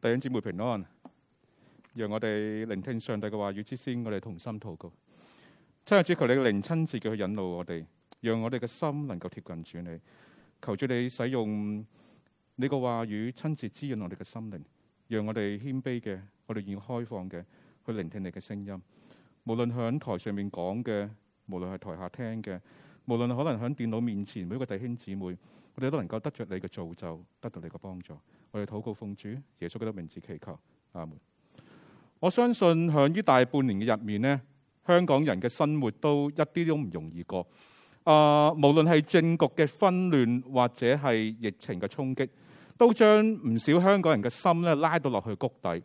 弟兄姊妹平安，讓我哋聆聽上帝嘅話語之先，我哋同心禱告。真主求你嘅靈親自嘅去引路我哋，讓我哋嘅心能夠貼近住你。求住你使用你嘅話語親切滋潤我哋嘅心靈，讓我哋謙卑嘅，我哋願意開放嘅去聆聽你嘅聲音。無論響台上面講嘅，無論係台下聽嘅，無論可能響電腦面前，每一個弟兄姊妹，我哋都能夠得着你嘅造就，得到你嘅幫助。我哋禱告奉主耶穌基督嘅名字祈求，阿門。我相信響呢大半年嘅入面呢，香港人嘅生活都一啲都唔容易過。啊、呃，無論係政局嘅紛亂或者係疫情嘅衝擊，都將唔少香港人嘅心咧拉到落去谷底。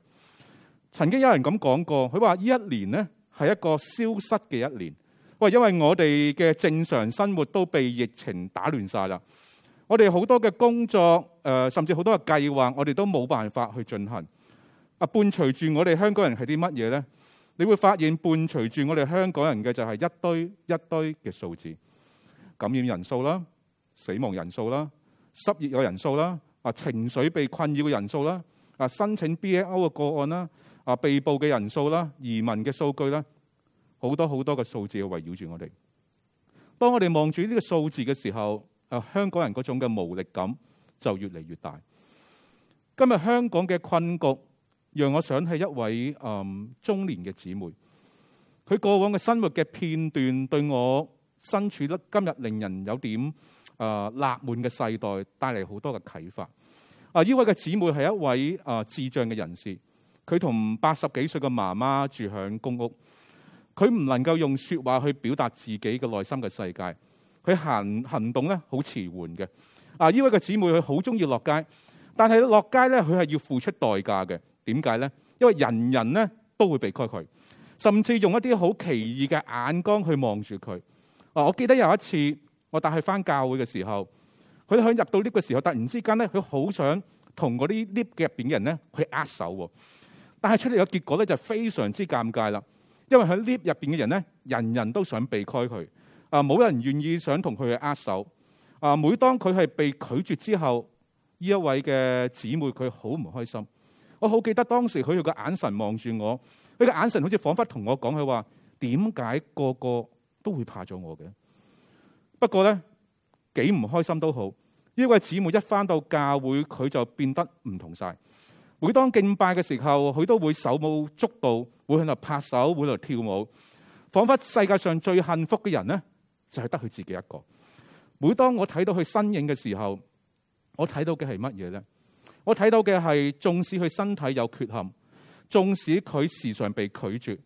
曾經有人咁講過，佢話呢一年呢係一個消失嘅一年。喂，因為我哋嘅正常生活都被疫情打亂晒啦。我哋好多嘅工作，誒、呃、甚至好多嘅計劃，我哋都冇辦法去進行。啊，伴隨住我哋香港人係啲乜嘢呢？你會發現伴隨住我哋香港人嘅就係一堆一堆嘅數字，感染人數啦，死亡人數啦，失業嘅人數啦，啊、情緒被困擾嘅人數啦，啊、申請 BNO 嘅個案啦，啊、被捕嘅人數啦，移民嘅數據啦，好多好多嘅數字要圍繞住我哋。當我哋望住呢個數字嘅時候，啊、香港人嗰種嘅無力感就越嚟越大。今日香港嘅困局，讓我想起一位嗯中年嘅姊妹。佢過往嘅生活嘅片段，對我身處得今日令人有點啊納悶嘅世代，帶嚟好多嘅啟發。啊！呢位嘅姊妹係一位啊智障嘅人士，佢同八十幾歲嘅媽媽住喺公屋。佢唔能夠用説話去表達自己嘅內心嘅世界。佢行行動咧好遲緩嘅，啊，呢位嘅姊妹佢好中意落街，但係落街咧佢係要付出代價嘅。點解咧？因為人人咧都會避開佢，甚至用一啲好奇異嘅眼光去望住佢。啊，我記得有一次我帶佢翻教會嘅時候，佢喺入到 lift 嘅時候，突然之間咧佢好想同嗰啲 lift 入邊嘅人咧去握手喎，但係出嚟嘅結果咧就非常之尷尬啦。因為喺 lift 入邊嘅人咧，人人都想避開佢。啊！冇人願意想同佢去握手。啊！每當佢係被拒絕之後，呢一位嘅姊妹佢好唔開心。我好記得當時佢個眼神望住我，佢嘅眼神好似彷彿同我講佢話：點解個個都會怕咗我嘅？不過咧幾唔開心都好，呢位姊妹一翻到教會佢就變得唔同晒。每當敬拜嘅時候，佢都會手舞足蹈，會喺度拍手，會喺度跳舞，彷彿世界上最幸福嘅人咧。就係得佢自己一個。每當我睇到佢身影嘅時候，我睇到嘅係乜嘢呢？我睇到嘅係，縱使佢身體有缺陷，縱使佢時常被拒絕，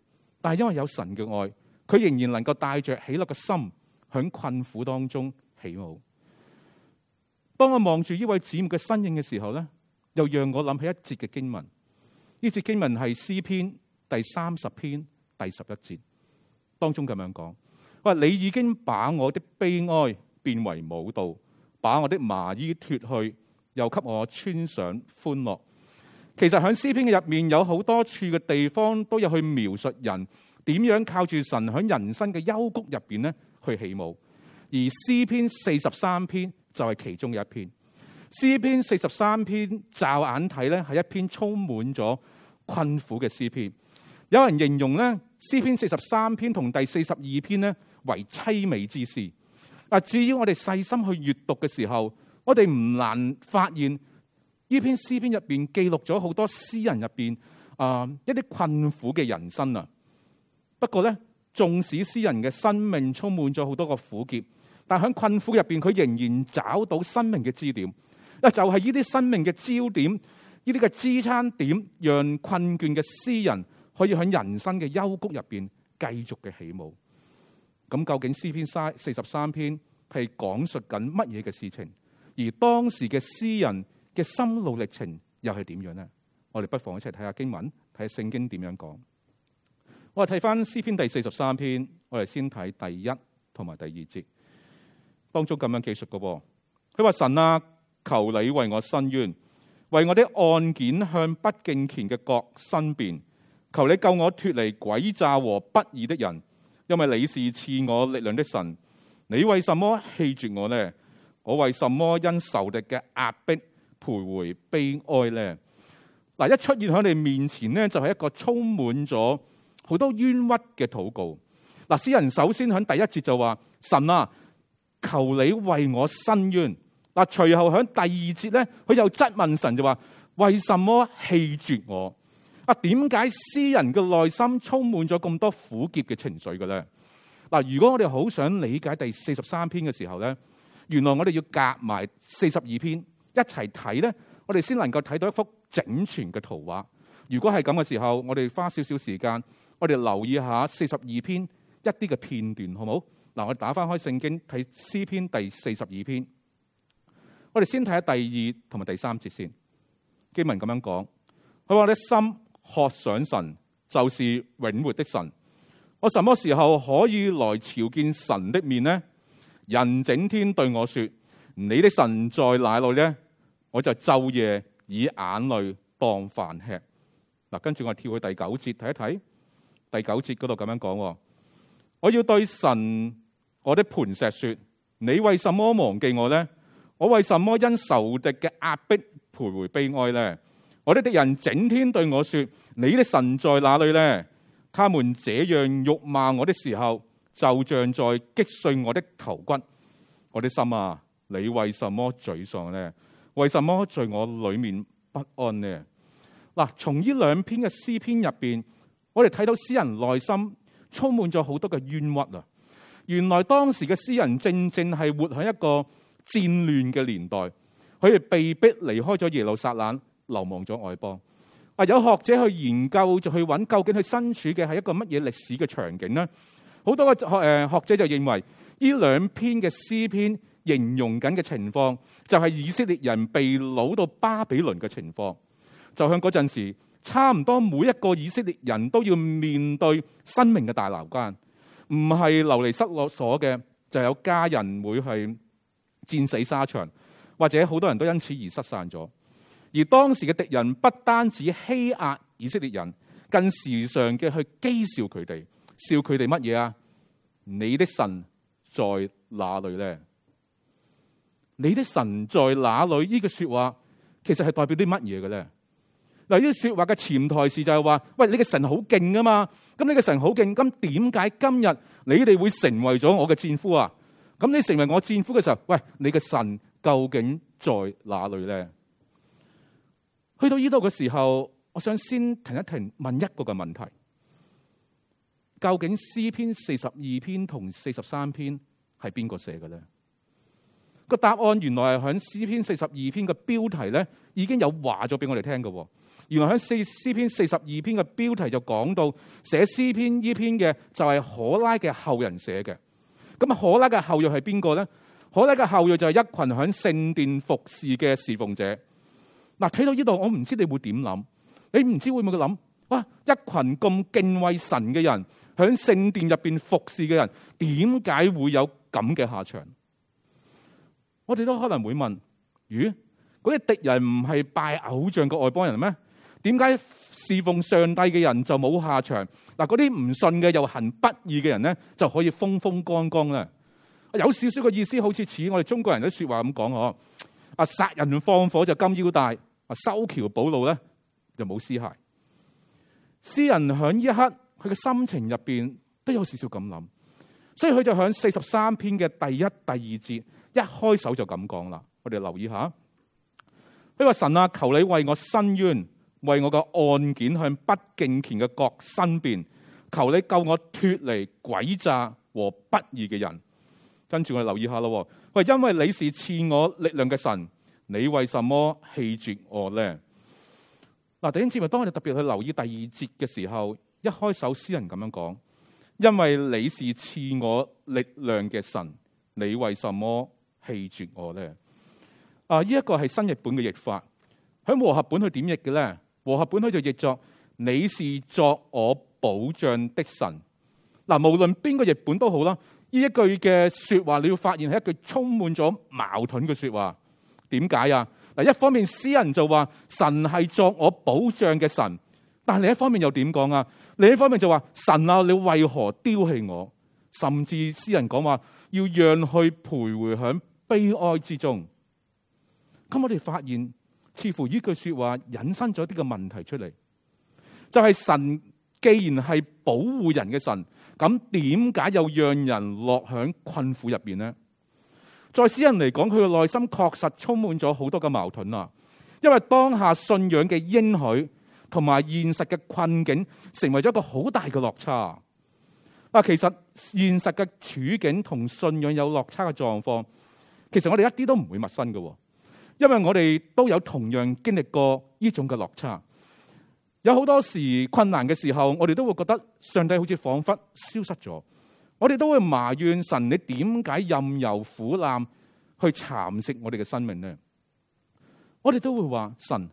但係因為有神嘅愛，佢仍然能夠帶着喜樂嘅心，響困苦當中起舞。當我望住呢位姊妹嘅身影嘅時候呢，又讓我諗起一節嘅經文。呢節經文係詩篇第三十篇第十一節當中咁樣講。你已經把我的悲哀變為舞蹈，把我的麻衣脱去，又給我穿上歡樂。其實喺詩篇嘅入面有好多處嘅地方都有去描述人點樣靠住神喺人生嘅幽谷入邊咧去起舞。而詩篇四十三篇就係其中一篇。詩篇四十三篇驟眼睇咧係一篇充滿咗困苦嘅詩篇。有人形容咧詩篇四十三篇同第四十二篇呢。為淒美之詩。嗱，只要我哋細心去閱讀嘅時候，我哋唔難發現呢篇詩篇入邊記錄咗好多詩人入邊啊一啲困苦嘅人生啊。不過咧，縱使詩人嘅生命充滿咗好多嘅苦澀，但喺困苦入邊，佢仍然找到生命嘅支點。嗱，就係呢啲生命嘅焦點，呢啲嘅支撐點，讓困倦嘅詩人可以喺人生嘅幽谷入邊繼續嘅起舞。咁究竟詩篇三四十三篇係講述緊乜嘢嘅事情？而當時嘅詩人嘅心路歷程又係點樣咧？我哋不妨一齊睇下經文，睇下聖經點樣講。我哋睇翻詩篇第四十三篇，我哋先睇第一同埋第二節當中咁樣記述嘅噃。佢話，神啊，求你為我伸冤，為我啲案件向不敬虔嘅國申辯，求你救我脫離詭詐和不義的人。因為你是賜我力量的神，你為什麼棄絕我呢？我為什麼因仇敵嘅壓迫徘徊悲哀呢？嗱，一出現喺你面前呢，就係一個充滿咗好多冤屈嘅禱告。嗱，詩人首先喺第一節就話：神啊，求你為我伸冤。嗱，隨後喺第二節咧，佢又質問神就話：為什麼棄絕我？啊，點解詩人嘅內心充滿咗咁多苦澀嘅情緒嘅咧？嗱，如果我哋好想理解第四十三篇嘅時候咧，原來我哋要夾埋四十二篇一齊睇咧，我哋先能夠睇到一幅整全嘅圖畫。如果係咁嘅時候，我哋花少少時間，我哋留意一下四十二篇一啲嘅片段，好唔好？嗱，我哋打翻開聖經睇詩篇第四十二篇，我哋先睇下第二同埋第三節先。基文咁樣講，佢話你心。渴想神就是永活的神。我什麼時候可以來朝見神的面呢？人整天對我說：你的神在哪裏呢？我就晝夜以眼淚當飯吃。嗱，跟住我跳去第九節睇一睇。第九節嗰度咁樣講：我要對神我的磐石說：你為什麼忘記我呢？我為什麼因仇敵嘅壓迫徘徊悲，悲哀呢？我的敵人整天對我說：你的神在哪裏呢？他們這樣辱罵我的時候，就像在擊碎我的頭骨。我的心啊，你為什麼沮喪呢？為什麼在我裏面不安呢？嗱，從呢兩篇嘅詩篇入邊，我哋睇到詩人內心充滿咗好多嘅冤屈啊。原來當時嘅詩人正正係活喺一個戰亂嘅年代，佢哋被逼離開咗耶路撒冷。流亡咗外邦。啊，有學者去研究就去揾，究竟佢身處嘅係一個乜嘢歷史嘅場景咧？好多個學誒學者就認為，呢兩篇嘅詩篇形容緊嘅情況，就係以色列人被擄到巴比倫嘅情況。就向嗰陣時，差唔多每一個以色列人都要面對生命嘅大牢關。唔係流離失落所嘅，就有家人會去戰死沙場，或者好多人都因此而失散咗。而當時嘅敵人不單止欺壓以色列人，更時常嘅去譏笑佢哋，笑佢哋乜嘢啊？你的神在哪裏呢？你的神在哪裏？呢句説話其實係代表啲乜嘢嘅咧？嗱，呢句説話嘅潛台詞就係話：喂，你嘅神好勁㗎嘛？咁你嘅神好勁，咁點解今日你哋會成為咗我嘅戰俘啊？咁你成為我的戰俘嘅時候，喂，你嘅神究竟在哪裏咧？去到呢度嘅時候，我想先停一停，問一個嘅問題：究竟詩篇四十二篇同四十三篇係邊個寫嘅咧？個答案原來係響詩篇四十二篇嘅標題咧，已經有話咗俾我哋聽嘅。原來響四詩篇四十二篇嘅標題就講到，寫詩篇呢篇嘅就係可拉嘅後人寫嘅。咁啊，可拉嘅後裔係邊個咧？可拉嘅後裔就係一群響聖殿服侍嘅侍奉者。嗱，睇到呢度，我唔知你會點諗，你唔知會唔會去諗，哇！一群咁敬畏神嘅人，響聖殿入邊服侍嘅人，點解會有咁嘅下場？我哋都可能會問：咦，嗰啲敵人唔係拜偶像嘅外邦人咩？點解侍奉上帝嘅人就冇下場？嗱，嗰啲唔信嘅又行不義嘅人咧，就可以風風光光咧。有少少嘅意思，好似似我哋中國人都說話咁講，嗬，啊，殺人放火就金腰帶。啊！修橋補路咧，就冇屍骸。詩人喺呢一刻，佢嘅心情入邊都有少少咁諗，所以佢就喺四十三篇嘅第一第二節一開手就咁講啦。我哋留意下，呢話神啊，求你為我申冤，為我嘅案件向不敬虔嘅國申辯，求你救我脫離詭詐和不義嘅人。跟住我留意下咯，喂，因為你是賜我力量嘅神。你為什麼棄絕我呢？嗱，第一節咪當我哋特別去留意第二節嘅時候，一開首詩人咁樣講：因為你是賜我力量嘅神，你為什麼棄絕我呢？啊，呢一個係新日本嘅譯法，喺和合本去點譯嘅咧？和合本佢就譯作：你是作我保障的神。嗱、啊，無論邊個譯本都好啦，呢一句嘅說話，你要發現係一句充滿咗矛盾嘅說話。點解啊？嗱，一方面詩人就話神係作我保障嘅神，但另一方面又點講啊？另一方面就話神啊，你為何丟棄我？甚至詩人講話要讓佢徘徊響悲哀之中。咁我哋發現，似乎呢句說話引申咗啲嘅問題出嚟，就係神既然係保護人嘅神，咁點解又讓人落響困苦入邊咧？在詩人嚟講，佢嘅內心確實充滿咗好多嘅矛盾啊。因為當下信仰嘅應許同埋現實嘅困境，成為咗一個好大嘅落差。其實現實嘅處境同信仰有落差嘅狀況，其實我哋一啲都唔會陌生嘅。因為我哋都有同樣經歷過呢種嘅落差。有好多時困難嘅時候，我哋都會覺得上帝好似仿佛消失咗。我哋都會埋怨神，你點解任由苦難去蠶食我哋嘅生命咧？我哋都會話神，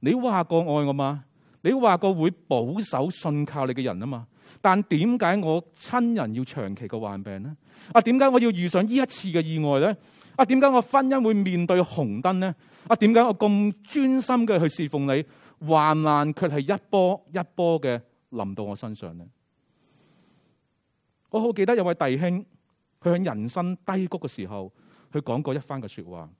你話過愛我嘛？你話過會保守信靠你嘅人啊嘛？但點解我親人要長期嘅患病咧？啊，點解我要遇上呢一次嘅意外咧？啊，點解我婚姻會面對紅燈咧？啊，點解我咁專心嘅去侍奉你，患難卻係一波一波嘅臨到我身上咧？我好記得有位弟兄，佢喺人生低谷嘅時候，佢講過一番嘅說話。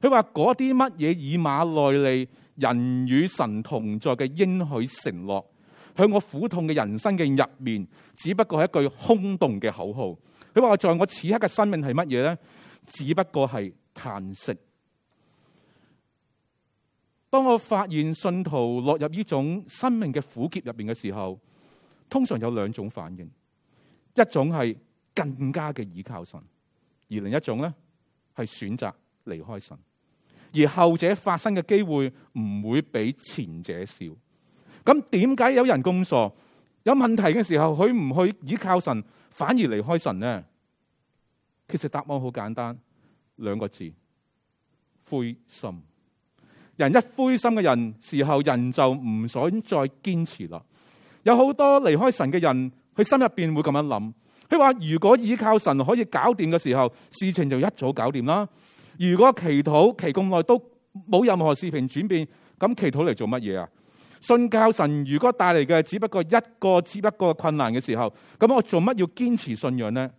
佢話嗰啲乜嘢以馬內利、人與神同在嘅應許承諾，喺我苦痛嘅人生嘅入面，只不過係一句空洞嘅口號。佢話在我此刻嘅生命係乜嘢咧？只不過係嘆息。當我發現信徒落入呢種生命嘅苦澀入面嘅時候，通常有兩種反應。一種係更加嘅倚靠神，而另一種咧係選擇離開神。而後者發生嘅機會唔會比前者少。咁點解有人咁傻，有問題嘅時候，佢唔去倚靠神，反而離開神呢？其實答案好簡單，兩個字：灰心。人一灰心嘅人，時候人就唔想再堅持啦。有好多離開神嘅人。佢心入邊會咁樣諗，佢話如果依靠神可以搞掂嘅時候，事情就一早搞掂啦。如果祈禱祈禱咁耐都冇任何事情轉變，咁祈禱嚟做乜嘢啊？信教神如果帶嚟嘅只不過一個只不過困難嘅時候，咁我做乜要堅持信仰呢？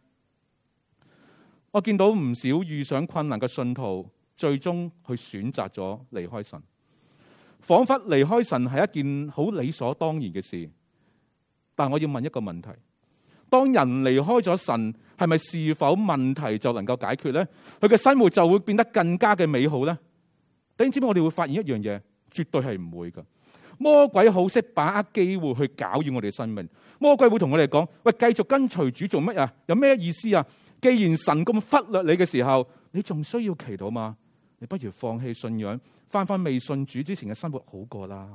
我見到唔少遇上困難嘅信徒，最終去選擇咗離開神，仿佛離開神係一件好理所當然嘅事。但我要問一個問題：當人離開咗神，係咪是，是否問題就能夠解決咧？佢嘅生活就會變得更加嘅美好咧？點知我哋會發現一樣嘢，絕對係唔會噶。魔鬼好識把握機會去搞擾我哋嘅生命。魔鬼會同我哋講：喂，繼續跟隨主做乜呀？有咩意思啊？既然神咁忽略你嘅時候，你仲需要祈禱嘛？你不如放棄信仰，翻翻未信主之前嘅生活好過啦。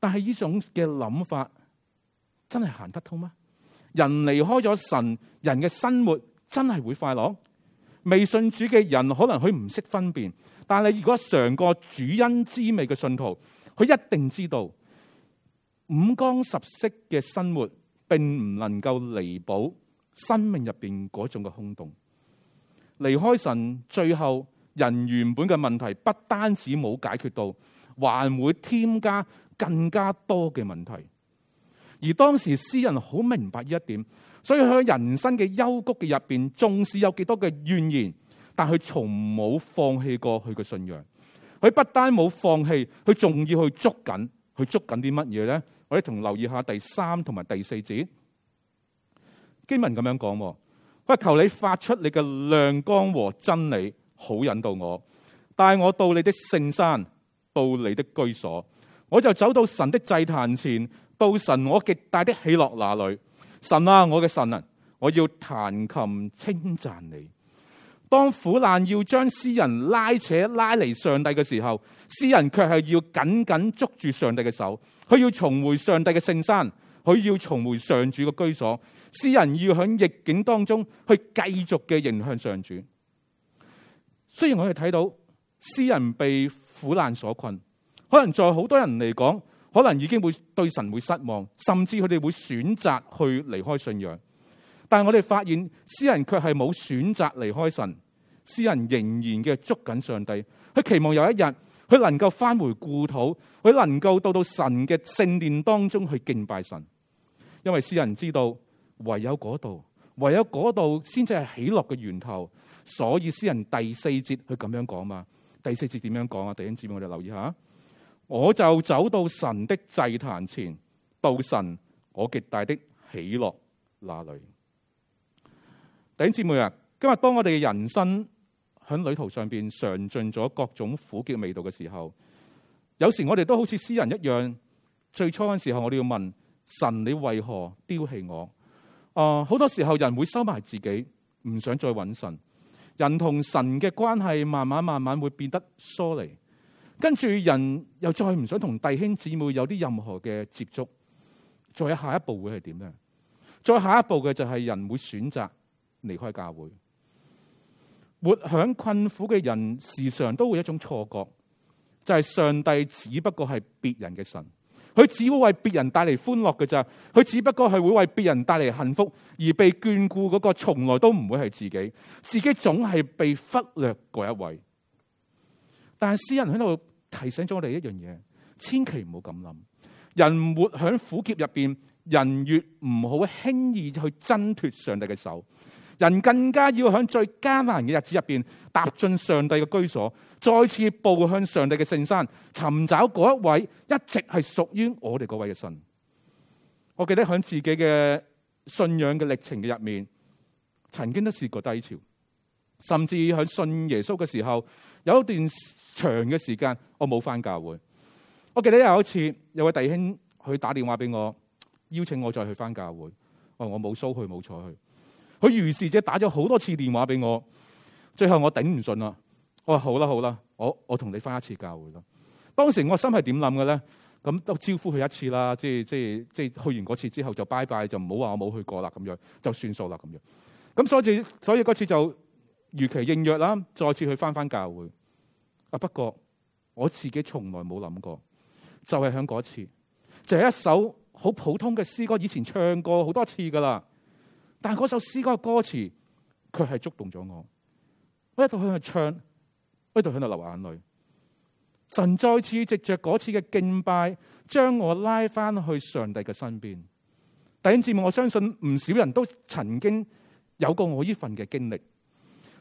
但係呢種嘅諗法真係行得通嗎？人離開咗神，人嘅生活真係會快樂？未信主嘅人可能佢唔識分辨，但係如果嘗過主恩滋味嘅信徒，佢一定知道五光十色嘅生活並唔能夠彌補生命入邊嗰種嘅空洞。離開神，最後人原本嘅問題不單止冇解決到，還會添加，更加多嘅問題，而當時詩人好明白呢一點，所以佢喺人生嘅幽谷嘅入邊，縱使有幾多嘅怨言，但佢從冇放棄過佢嘅信仰。佢不單冇放棄，佢仲要去捉緊，去捉緊啲乜嘢咧？我哋同留意下第三同埋第四節經文咁樣講，佢話，求你發出你嘅亮光和真理，好引導我，帶我到你的聖山，到你的居所。我就走到神的祭壇前，到神我極大的喜樂那裏。神啊，我嘅神啊，我要彈琴稱讚你。當苦難要將詩人拉扯拉離上帝嘅時候，詩人卻係要緊緊捉住上帝嘅手。佢要重回上帝嘅聖山，佢要重回上主嘅居所。詩人要喺逆境當中去繼續嘅迎向上主。雖然我哋睇到詩人被苦難所困。可能在好多人嚟講，可能已經會對神會失望，甚至佢哋會選擇去離開信仰。但係我哋發現，詩人卻係冇選擇離開神，詩人仍然嘅捉緊上帝，佢期望有一日佢能夠翻回，回故土，佢能夠到到神嘅聖殿當中去敬拜神。因為詩人知道，唯有嗰度，唯有嗰度先至係喜樂嘅源頭。所以詩人第四節佢咁樣講嘛，第四節點樣講啊？弟兄姊妹，我哋留意下。我就走到神的祭壇前，到神我極大的喜樂那裡。弟兄姐妹啊，今日當我哋嘅人生喺旅途上邊嘗盡咗各種苦澀味道嘅時候，有時我哋都好似詩人一樣，最初嗰時候我哋要問神：你為何丟棄我？啊、呃，好多時候人會收埋自己，唔想再揾神。人同神嘅關係慢慢慢慢會變得疏離。跟住人又再唔想同弟兄姊妹有啲任何嘅接觸再，再下一步會係點咧？再下一步嘅就係人會選擇離開教會。活響困苦嘅人時常都會一種錯覺，就係上帝只不過係別人嘅神，佢只會為別人帶嚟歡樂嘅咋，佢只不過係會為別人帶嚟幸福而被眷顧嗰個，從來都唔會係自己，自己總係被忽略嗰一位。但係詩人喺度。提醒咗我哋一樣嘢，千祈唔好咁諗。人活喺苦劫入邊，人越唔好輕易去掙脫上帝嘅手，人更加要喺最艱難嘅日子入邊，踏進上帝嘅居所，再次步向上帝嘅聖山，尋找嗰一位一直係屬於我哋嗰位嘅神。我記得喺自己嘅信仰嘅歷程嘅入面，曾經都試過低潮。甚至喺信耶穌嘅時候，有一段長嘅時間，我冇返教會。我記得有一次，有位弟兄佢打電話俾我，邀請我再去返教會。我話我冇蘇去冇坐去。佢如是者打咗好多次電話俾我，最後我頂唔順啦。我話好啦好啦，我我同你返一次教會啦。當時我心係點諗嘅咧？咁都招呼佢一次啦，即係即係即係去完嗰次之後就拜拜，就唔好話我冇去過啦咁樣，就算數啦咁樣。咁所以所以嗰次就。如期應約啦，再次去翻翻教會啊。不過我自己從來冇諗過，就係響嗰次，就係、是、一首好普通嘅詩歌，以前唱過好多次噶啦。但係嗰首詩歌嘅歌詞，佢係觸動咗我。我一度喺度唱，我一度喺度流眼淚。神再次藉着嗰次嘅敬拜，將我拉翻去上帝嘅身邊。弟兄姊妹，我相信唔少人都曾經有過我呢份嘅經歷。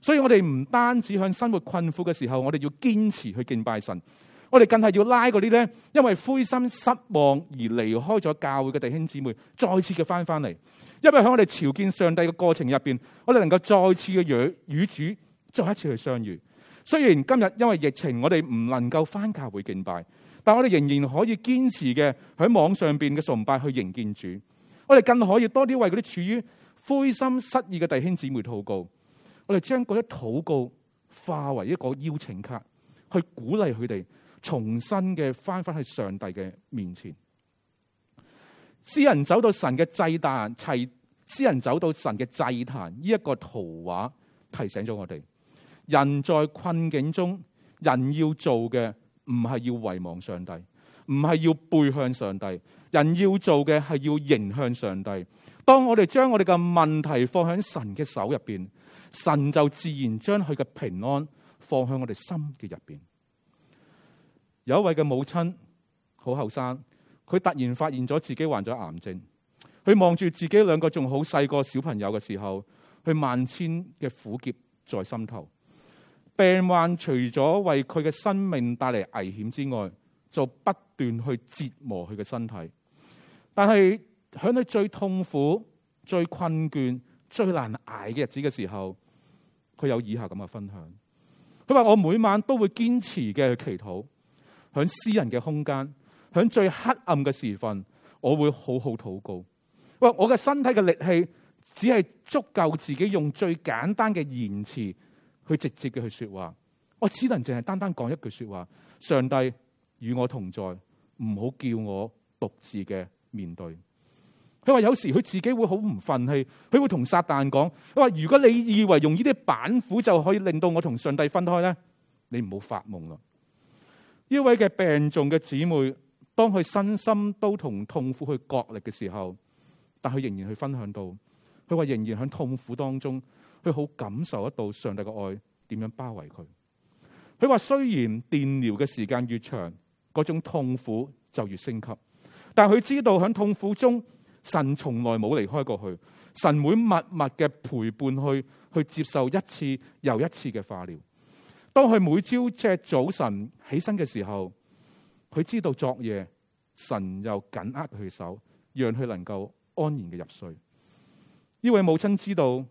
所以我哋唔單止向生活困苦嘅時候，我哋要堅持去敬拜神，我哋更係要拉嗰啲咧，因為灰心失望而離開咗教會嘅弟兄姊妹，再次嘅翻翻嚟，因為喺我哋朝見上帝嘅過程入邊，我哋能夠再次嘅與與主再一次去相遇。雖然今日因為疫情，我哋唔能夠翻教會敬拜，但我哋仍然可以堅持嘅喺網上邊嘅崇拜去迎見主，我哋更可以多啲為嗰啲處於灰心失意嘅弟兄姊妹禱告。我哋將嗰啲禱告化為一個邀請卡，去鼓勵佢哋重新嘅返返去上帝嘅面前。詩人走到神嘅祭壇，齊詩人走到神嘅祭壇，呢、這、一個圖畫提醒咗我哋：人在困境中，人要做嘅唔係要遺忘上帝，唔係要背向上帝，人要做嘅係要迎向上帝。當我哋將我哋嘅問題放喺神嘅手入邊，神就自然將佢嘅平安放喺我哋心嘅入邊。有一位嘅母親好後生，佢突然發現咗自己患咗癌症，佢望住自己兩個仲好細個小朋友嘅時候，佢萬千嘅苦澀在心頭。病患除咗為佢嘅生命帶嚟危險之外，就不斷去折磨佢嘅身體，但係，喺你最痛苦、最困倦、最難捱嘅日子嘅時候，佢有以下咁嘅分享。佢話：我每晚都會堅持嘅去祈禱，喺私人嘅空間，喺最黑暗嘅時分，我會好好禱告。喂，我嘅身體嘅力氣只係足夠自己用最簡單嘅言辭去直接嘅去說話。我只能淨係單單講一句說話：上帝與我同在，唔好叫我獨自嘅面對。因為有時佢自己會好唔忿氣，佢會同撒旦講，佢話如果你以為用呢啲板斧就可以令到我同上帝分開呢，你唔好發夢啦。呢位嘅病重嘅姊妹，當佢身心都同痛苦去角力嘅時候，但佢仍然去分享到，佢話仍然喺痛苦當中，佢好感受得到上帝嘅愛點樣包圍佢。佢話雖然電療嘅時間越長，嗰種痛苦就越升級，但佢知道喺痛苦中。神從來冇離開過去，神會默默嘅陪伴佢去接受一次又一次嘅化療。當佢每朝即早晨起身嘅時候，佢知道昨夜神又緊握佢手，讓佢能夠安然嘅入睡。呢位母親知道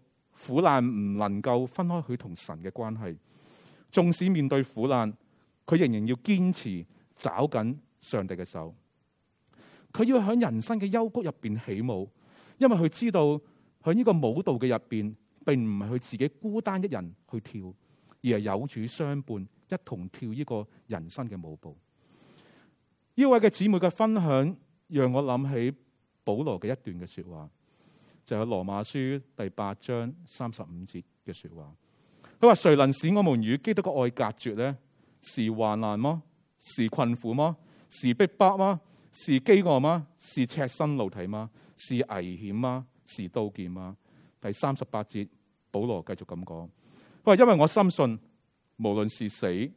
苦難唔能夠分開佢同神嘅關係，縱使面對苦難，佢仍然要堅持找緊上帝嘅手。佢要喺人生嘅幽谷入邊起舞，因為佢知道喺呢個舞蹈嘅入邊，並唔係佢自己孤單一人去跳，而係有主相伴一同跳呢個人生嘅舞步。呢位嘅姊妹嘅分享，讓我諗起保羅嘅一段嘅說話，就係羅馬書第八章三十五節嘅說話。佢話：誰能使我們與基督嘅愛隔絕呢？是患難麼？是困苦麼？是逼迫嗎？是飢餓嗎？是赤身露體嗎？是危險嗎？是刀劍嗎？第三十八節，保羅繼續咁講佢話，因為我深信，無論是死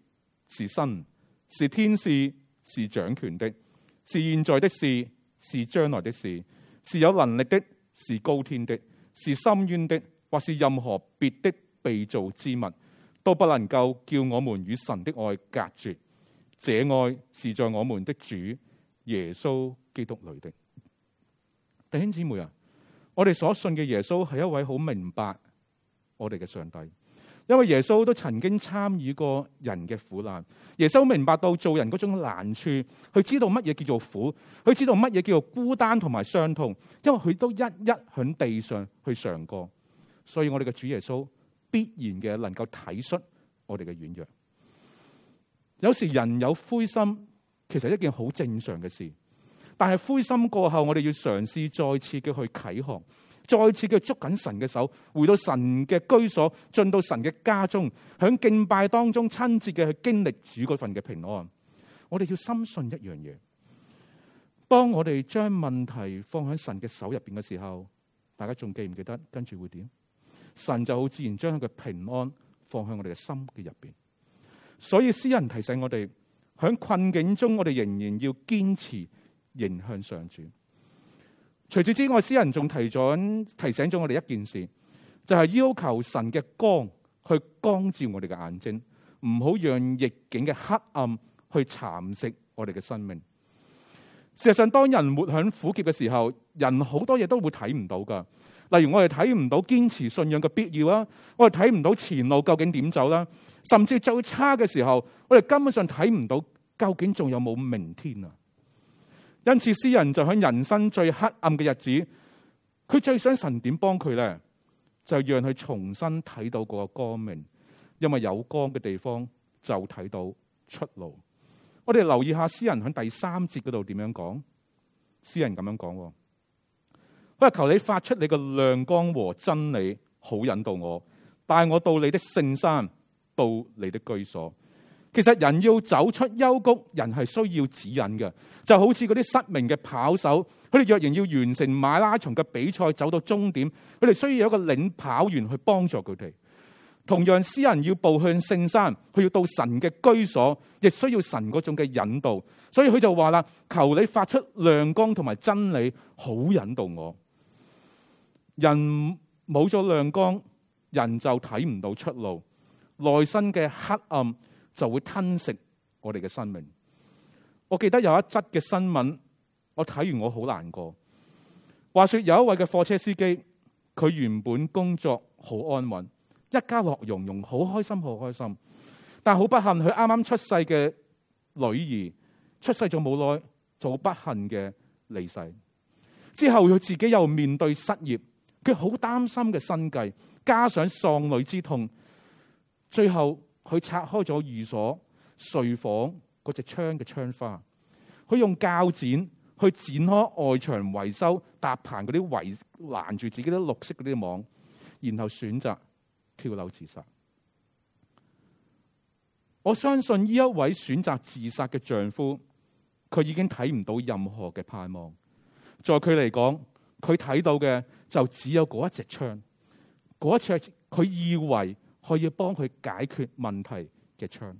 是生，是天使是掌權的，是現在的事是將來的事，是有能力的，是高天的，是深淵的，或是任何別的被造之物，都不能夠叫我們與神的愛隔絕。這愛是在我們的主。耶穌基督雷的弟兄姊妹啊，我哋所信嘅耶穌係一位好明白我哋嘅上帝，因為耶穌都曾經參與過人嘅苦難，耶穌明白到做人嗰種難處，佢知道乜嘢叫做苦，佢知道乜嘢叫做孤單同埋傷痛，因為佢都一一喺地上去嘗過，所以我哋嘅主耶穌必然嘅能夠體恤我哋嘅軟弱，有時人有灰心，其實一件好正常嘅事，但係灰心過後，我哋要嘗試再次嘅去啟航，再次嘅捉緊神嘅手，回到神嘅居所，進到神嘅家中，響敬拜當中親切嘅去經歷主嗰份嘅平安。我哋要深信一樣嘢，當我哋將問題放喺神嘅手入邊嘅時候，大家仲記唔記得跟住會點？神就好自然將佢嘅平安放喺我哋嘅心嘅入邊。所以詩人提醒我哋。喺困境中，我哋仍然要堅持迎向上主。除此之外，詩人仲提提醒咗我哋一件事，就係要求神嘅光去光照我哋嘅眼睛，唔好讓逆境嘅黑暗去蠶食我哋嘅生命。事實上，當人活喺苦澀嘅時候，人好多嘢都會睇唔到噶。例如我哋睇唔到堅持信仰嘅必要啦，我哋睇唔到前路究竟點走啦。甚至最差嘅時候，我哋根本上睇唔到究竟仲有冇明天啊！因此，詩人就喺人生最黑暗嘅日子，佢最想神點幫佢咧，就是、讓佢重新睇到嗰個光明。因為有光嘅地方就睇到出路。我哋留意一下詩人喺第三節嗰度點樣講？詩人咁樣講：我求你發出你嘅亮光和真理，好引導我，帶我到你的聖山。到你的居所。其實人要走出幽谷，人係需要指引嘅。就好似嗰啲失明嘅跑手，佢哋若然要完成馬拉松嘅比賽，走到終點，佢哋需要有一個領跑員去幫助佢哋。同樣，詩人要步向聖山，佢要到神嘅居所，亦需要神嗰種嘅引導。所以佢就話啦：「求你發出亮光同埋真理，好引導我。」人冇咗亮光，人就睇唔到出路，內心嘅黑暗就會吞食我哋嘅生命。我記得有一則嘅新聞，我睇完我好難過。話說有一位嘅貨車司機，佢原本工作好安穩，一家樂融融，好開心，好開心。但好不幸，佢啱啱出世嘅女兒出世咗冇耐，做不幸嘅離世。之後佢自己又面對失業，佢好擔心嘅生計，加上喪女之痛。最後佢拆開咗寓所睡房嗰隻窗嘅窗花，佢用鉸剪去剪開外牆維修搭棚嗰啲圍攔住自己啲綠色嗰啲網，然後選擇跳樓自殺。我相信呢一位選擇自殺嘅丈夫，佢已經睇唔到任何嘅盼望，在佢嚟講，佢睇到嘅就只有嗰一隻窗，嗰一隻佢以為。可以幫佢解決問題嘅窗。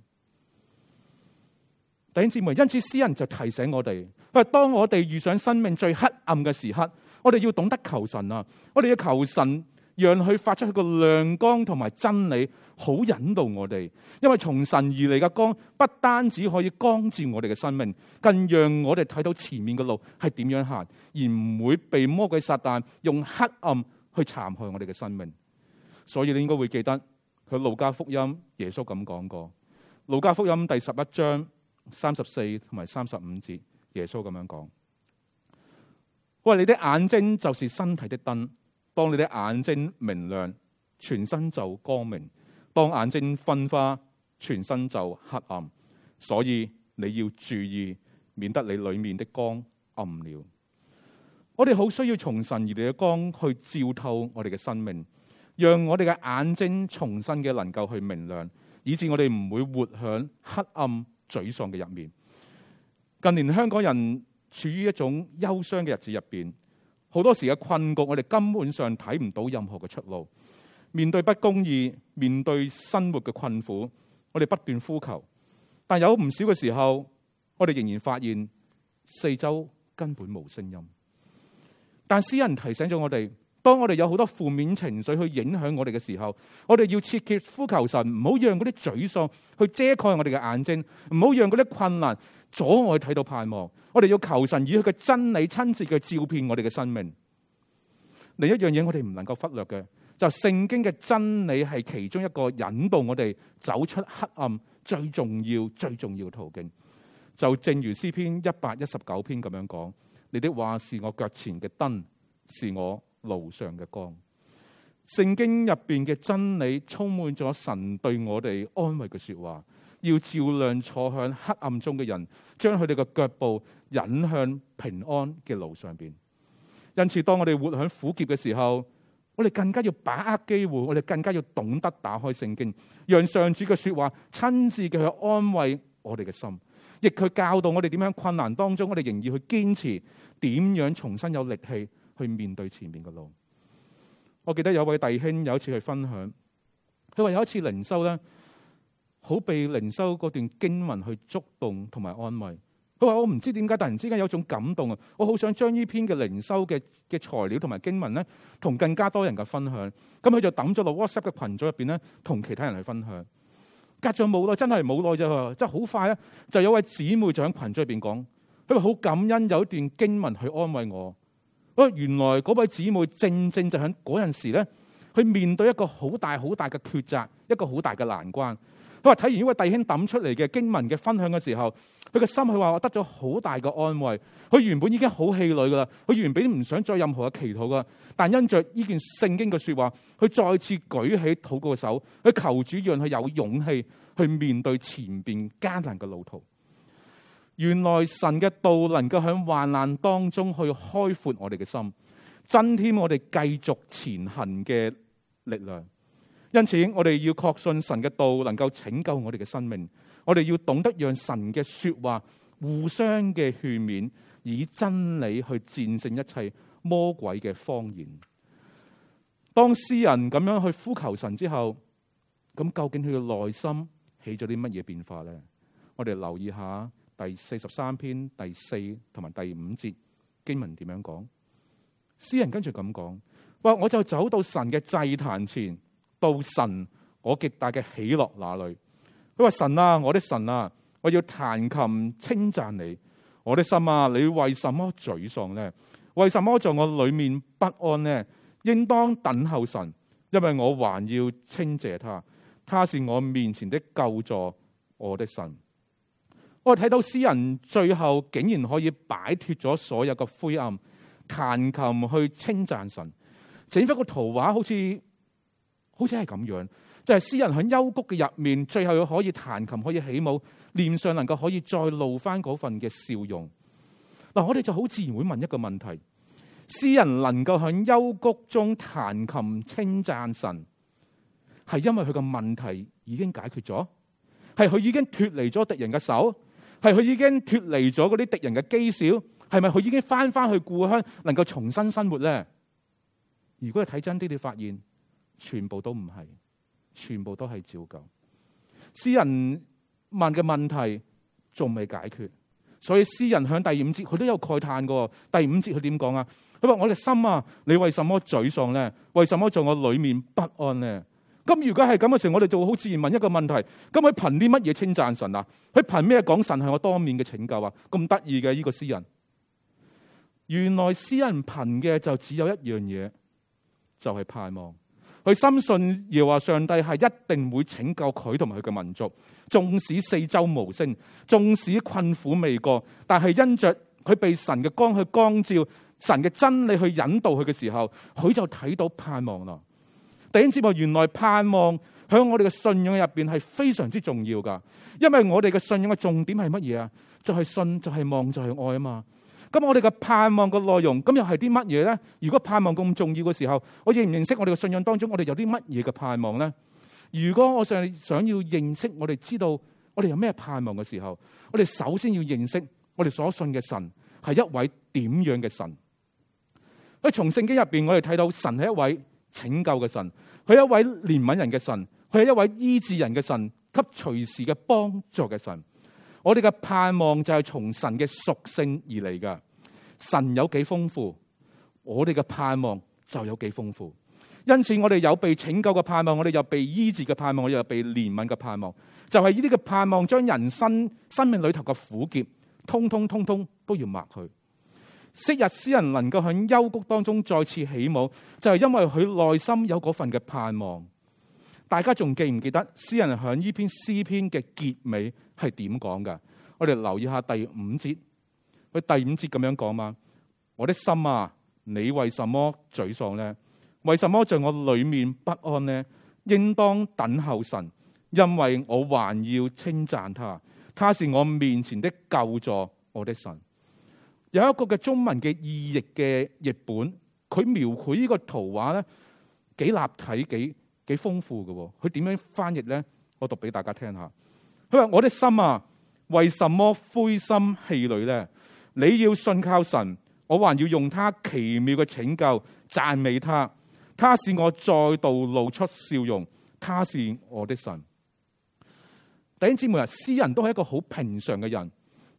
弟兄姊妹，因此詩人就提醒我哋：因為，當我哋遇上生命最黑暗嘅時刻，我哋要懂得求神啊！我哋要求神，讓佢發出佢嘅亮光同埋真理，好引導我哋。因為從神而嚟嘅光，不單止可以光照我哋嘅生命，更讓我哋睇到前面嘅路係點樣行，而唔會被魔鬼撒旦用黑暗去殘害我哋嘅生命。所以你應該會記得。佢路加福音耶穌咁講過，路加福音第十一章三十四同埋三十五節，耶穌咁樣講：喂，你的眼睛就是身體的燈，當你的眼睛明亮，全身就光明；當眼睛昏花，全身就黑暗。所以你要注意，免得你裏面的光暗了。我哋好需要從神而嚟嘅光去照透我哋嘅生命。讓我哋嘅眼睛重新嘅能夠去明亮，以致我哋唔會活響黑暗沮喪嘅入面。近年香港人處於一種憂傷嘅日子入邊，好多時嘅困局我哋根本上睇唔到任何嘅出路。面對不公義，面對生活嘅困苦，我哋不斷呼求，但有唔少嘅時候，我哋仍然發現四周根本冇聲音。但詩人提醒咗我哋。當我哋有好多負面情緒去影響我哋嘅時候，我哋要切切呼求神，唔好讓嗰啲沮喪去遮蓋我哋嘅眼睛，唔好讓嗰啲困難阻礙睇到盼望。我哋要求神以佢嘅真理、親切嘅照遍我哋嘅生命。另一樣嘢，我哋唔能夠忽略嘅就是、聖經嘅真理係其中一個引導我哋走出黑暗最重要、最重要嘅途徑。就正如詩篇一百一十九篇咁樣講：你的話是我腳前嘅燈，是我。路上嘅光，聖經入邊嘅真理充滿咗神對我哋安慰嘅說話，要照亮坐喺黑暗中嘅人，將佢哋嘅腳步引向平安嘅路上邊。因此，當我哋活喺苦澀嘅時候，我哋更加要把握機會，我哋更加要懂得打開聖經，讓上主嘅說話親自嘅去安慰我哋嘅心，亦去教導我哋點樣困難當中，我哋仍然去堅持，點樣重新有力氣，去面對前面嘅路。我記得有位弟兄有一次去分享，佢話有一次靈修咧，好被靈修嗰段經文去觸動同埋安慰。佢話我唔知點解突然之間有種感動啊，我好想將呢篇嘅靈修嘅嘅材料同埋經文咧，同更加多人嘅分享。咁佢就抌咗落 WhatsApp 嘅群組入邊咧，同其他人去分享。隔咗冇耐，真係冇耐啫，即係好快啊，就有位姊妹就喺群組入邊講，佢話好感恩有一段經文去安慰我。嗰原來嗰班姊妹正正就喺嗰陣時咧，去面對一個好大好大嘅抉擇，一個好大嘅難關。佢話睇完呢位弟兄抌出嚟嘅經文嘅分享嘅時候，佢個心，佢話我得咗好大嘅安慰。佢原本已經好氣餒噶啦，佢原本唔想再任何嘅祈禱噶，但因着呢件聖經嘅説話，佢再次舉起禱告嘅手，佢求主讓佢有勇氣去面對前邊艱難嘅路途。原來神嘅道能夠喺患難當中去開闊我哋嘅心，增添我哋繼續前行嘅力量。因此，我哋要確信神嘅道能夠拯救我哋嘅生命。我哋要懂得讓神嘅說話互相嘅勸勉，以真理去戰勝一切魔鬼嘅謊言。當詩人咁樣去呼求神之後，咁究竟佢嘅內心起咗啲乜嘢變化呢？我哋留意一下。第四十三篇第四同埋第五節經文點樣講？詩人跟住咁講：話，我就走到神嘅祭壇前，到神我極大嘅喜樂那裏。佢話神啊，我的神啊，我要彈琴稱讚你。我的心啊，你為什麼沮喪呢？為什麼在我裏面不安呢？應當等候神，因為我還要稱謝他。他是我面前的救助，我的神。我哋睇到詩人最後竟然可以擺脱咗所有嘅灰暗，彈琴去稱讚神，整幅個圖畫好似好似係咁樣，就係詩人喺幽谷嘅入面，最後又可以彈琴，可以起舞，臉上能夠可以再露翻嗰份嘅笑容。嗱，我哋就好自然會問一個問題：詩人能夠喺幽谷中彈琴稱讚神，係因為佢嘅問題已經解決咗，係佢已經脱離咗敵人嘅手？係佢已經脫離咗嗰啲敵人嘅譏笑。係咪佢已經翻翻去故鄉，能夠重新生活咧？如果係睇真啲，你發現全部都唔係，全部都係照舊。詩人問嘅問題仲未解決，所以詩人響第五節佢都有慨嘆嘅。第五節佢點講啊？佢話我嘅心啊，你為什麼沮喪咧？為什麼在我裏面不安咧？咁如果係咁嘅時候，我哋就好自然問一個問題：咁佢憑啲乜嘢稱讚神啊？佢憑咩講神係我當面嘅拯救啊？咁得意嘅，呢個詩人，原來詩人憑嘅就只有一樣嘢，就係盼望。佢深信耶華上帝係一定會拯救佢同埋佢嘅民族，縱使四周無聲，縱使困苦未過，但係因着佢被神嘅光去光照，神嘅真理去引導佢嘅時候，佢就睇到盼望啦。第一節目，原來盼望喺我哋嘅信仰入邊係非常之重要噶，因為我哋嘅信仰嘅重點係乜嘢啊？就係、是、信，就係、是、望，就係、是、愛啊嘛。咁我哋嘅盼望嘅內容，咁又係啲乜嘢咧？如果盼望咁重要嘅時候，我認唔認識我哋嘅信仰當中，我哋有啲乜嘢嘅盼望咧？如果我想想要認識我哋知道我哋有咩盼望嘅時候，我哋首先要認識我哋所信嘅神係一位點樣嘅神？喺從聖經入邊，我哋睇到神係一位。拯救嘅神，佢係一位憐憫人嘅神，佢係一位醫治人嘅神，給隨時嘅幫助嘅神。我哋嘅盼望就係從神嘅屬性而嚟嘅，神有幾豐富，我哋嘅盼望就有幾豐富。因此，我哋有被拯救嘅盼望，我哋有被醫治嘅盼望，我哋有被憐憫嘅盼望，就係呢啲嘅盼望，將人生生命裏頭嘅苦澀，通通通通都要抹去。昔日詩人能夠喺幽谷當中再次起舞，就係因為佢內心有嗰份嘅盼望。大家仲記唔記得詩人喺呢篇詩篇嘅結尾係點講嘅？我哋留意下第五節，佢第五節咁樣講嘛：我的心啊，你為什麼沮喪呢？為什麼在我裏面不安呢？應當等候神，因為我還要稱讚他，他是我面前的救助，我的神。有一個嘅中文嘅意譯嘅譯本，佢描繪呢個圖畫咧，幾立體、幾幾豐富嘅。佢點樣翻譯咧？我讀俾大家聽下。佢話：我的心啊，為什麼灰心氣餒咧？你要信靠神，我還要用他奇妙嘅拯救，讚美他。他使我再度露出笑容，他是我的神。弟兄姊妹啊，詩人都係一個好平常嘅人，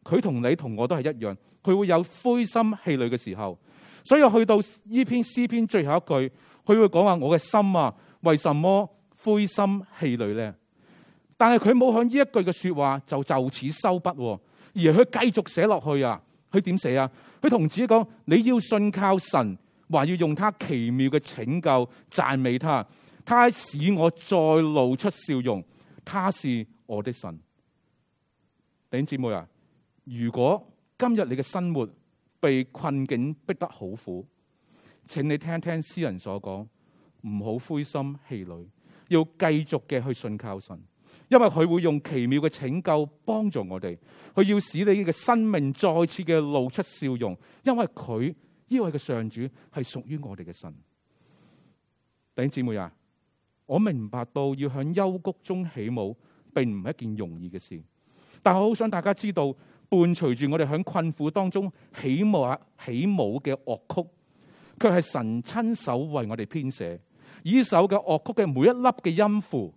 佢同你同我都係一樣。佢會有灰心氣餒嘅時候，所以去到呢篇詩篇最後一句，佢會講話，我嘅心啊，為什麼灰心氣餒咧？但係佢冇向呢一句嘅說話就就此收筆，哦，而佢繼續寫落去啊！佢點寫啊？佢同自己講，你要信靠神，還要用他奇妙嘅拯救讚美他，他使我再露出笑容，他是我的神。弟兄姊妹啊，如果今日你嘅生活被困境逼得好苦，請你聽聽詩人所講，唔好灰心氣餒，要繼續嘅去信靠神，因為佢會用奇妙嘅拯救幫助我哋，佢要使你嘅生命再次嘅露出笑容，因為佢呢位嘅上主係屬於我哋嘅神。弟兄姊妹啊，我明白到要向幽谷中起舞，並唔係一件容易嘅事，但我好想大家知道。伴隨住我哋響困苦當中起舞起舞嘅樂曲，卻係神親手為我哋編寫。呢首嘅樂曲嘅每一粒嘅音符，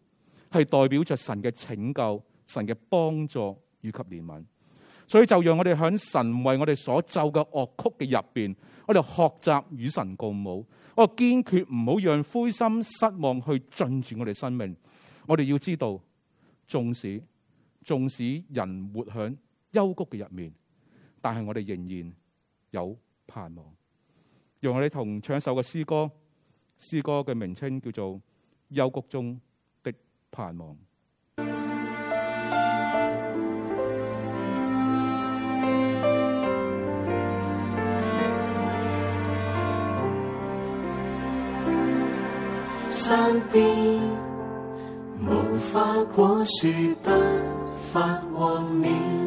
係代表着神嘅拯救、神嘅幫助以及憐憫。所以就讓我哋響神為我哋所奏嘅樂曲嘅入邊，我哋學習與神共舞。我堅決唔好讓灰心失望去進駐我哋生命。我哋要知道，縱使縱使人活響，幽谷嘅入面，但係我哋仍然有盼望。讓我哋同唱一首嘅詩歌，詩歌嘅名稱叫做《幽谷中的盼望》。山邊無花果樹不發旺了。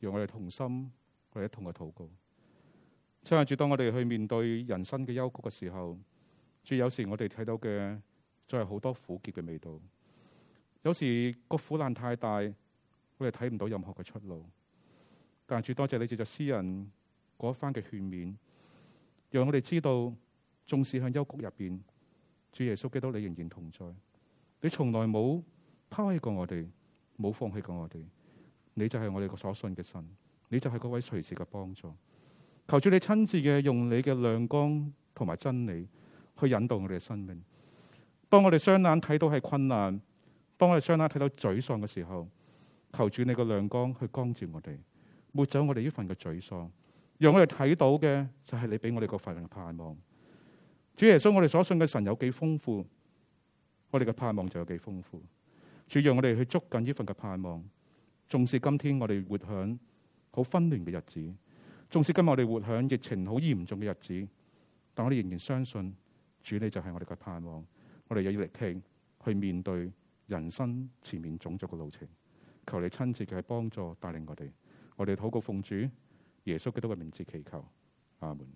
讓我哋同心，我哋一同嘅禱告。真係，主當我哋去面對人生嘅幽谷嘅時候，主有時我哋睇到嘅，真係好多苦澀嘅味道。有時個苦難太大，我哋睇唔到任何嘅出路。但係，主多謝你借着詩人嗰一番嘅勸勉，讓我哋知道，縱使向幽谷入邊，主耶穌基督你仍然同在，你從來冇拋棄過我哋，冇放棄過我哋。你就係我哋個所信嘅神，你就係嗰位隨時嘅幫助。求主你親自嘅用你嘅亮光同埋真理去引導我哋嘅生命，當我哋雙眼睇到係困難，當我哋雙眼睇到沮喪嘅時候，求主你嘅亮光去光照我哋，抹走我哋呢份嘅沮喪，讓我哋睇到嘅就係你俾我哋個份嘅盼望。主耶穌，我哋所信嘅神有幾豐富，我哋嘅盼望就有幾豐富。主，讓我哋去捉緊呢份嘅盼望。重視今天我哋活響好紛亂嘅日子，重視今日我哋活響疫情好嚴重嘅日子，但我哋仍然相信主你就係我哋嘅盼望，我哋又要力氣去面對人生前面種族嘅路程，求你親切嘅幫助帶領我哋，我哋禱告奉主耶穌基督嘅名字祈求，阿門。